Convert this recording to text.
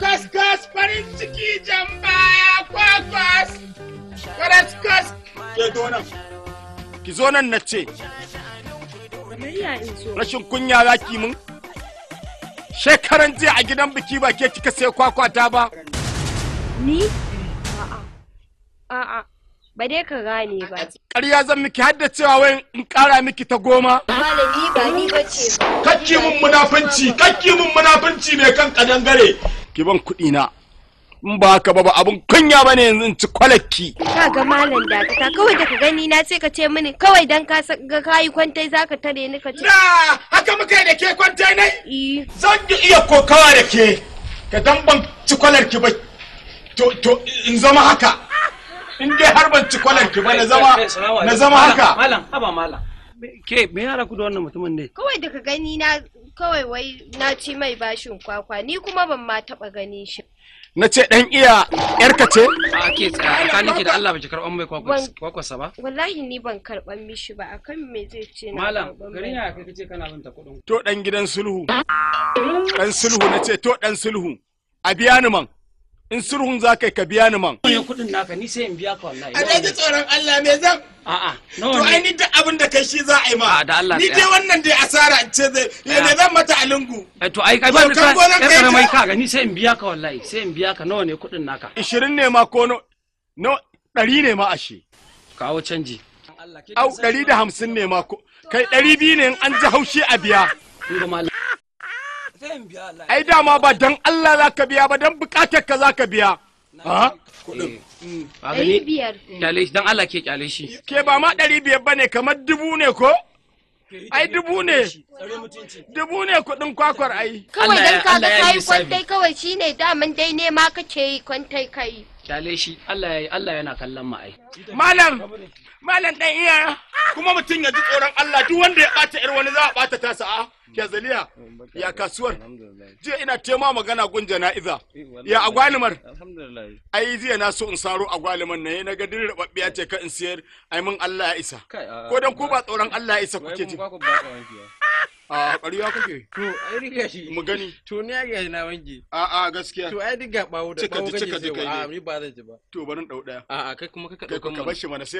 Kaskas farin ciki jan baya kwas, kwas ke donan ki zo nan na ce rashin kunya za ki mun shekaran jiya a gidan biki ba ke kika sai kwakwata ba ni a'a ba dai ka gane ba ƙarya zan miki hadda cewa wai in ƙara miki ta goma malami ba ni bace ba kakki mun munafunci kakki mun munafunci mai kan kadangare ki ban kuɗi na in ba haka ba abun kunya ba ne yanzu in ci kwalakki. Ka ga malam da ka kawai da ka gani na ce ka ce mini kawai dan ka ga kayi kwantai za ka tare ni ka ce. Na haka muka da ke kwantai ne? Eh. Zan yi iya kokawa da ke ka dan ban ci kwalarki ba to in zama haka. In dai har ban ci kwalarki ba na zama haka. Malam haba malam. ke me yara ku da wannan mutumin ne kawai daga gani na kawai wai na ci mai bashin kwakwa ni kuma ban ma taba gani shi na ce dan iya ka ce a ke tsaya tsakanin da Allah baki karban mai sa ba wallahi ni ban karban mishi ba akan me zai ce na malam gari na kai kace kana bin ta kudin to dan gidan sulhu dan sulhu na ce to dan sulhu a biya ni man in sulhun za ka ka biya ni man. Wani kuɗin naka ni sai in biya ka wallahi. A ji tsoron Allah me zan? A'a. To ai ni duk abin da kai shi za a yi ma. da Allah. Ni dai wannan dai asara in ce zai ne zan mata a lungu. Eh, to ai kai ba ni ka kana mai kaga ni sai in biya ka wallahi sai in biya ka nawa ne kuɗin naka. Ishirin ne ma ko no ɗari ne ma ashe. Kawo canji. Au ɗari da hamsin ne ma ko kai ɗari biyu ne in an ji haushi a biya. ai dama ba dan Allah za ka biya ba dan bukatar ka za ka biya ha eh. mm. biyar kyale shi dan Allah ke kyale shi ke ba ma ɗari biyar ba ne kamar dubu ne ko ai dubu ne dubu ne kuɗin kwakwar ai kawai dan ka ga kai kwantai kawai shine daman dai nema kake yi kwantai kai kyale shi Allah Allah yana kallon mu ai malam malam dan iya kuma mutum ya ji tsoron Allah duk wanda ya bata ‘yar wani za a bata tasa a ke zaliya ya kasuwar jiya ina tema magana gunja na iza ya agwalimar ai jiya na so in saro agwalimar na eh, na ga din rababbiya ce ka in siyar ai mun Allah ya isa ko dan ko ba tsoron Allah ya isa kuke ji a ah, ƙarya kuke to ai riga shi mu gani to ni ya na wanke a a gaskiya to ai diga bawo da bawo kake sai a ni ba zan ji ba to barin dau daya a a kai kuma ka ka dauka ka bar shi mana sai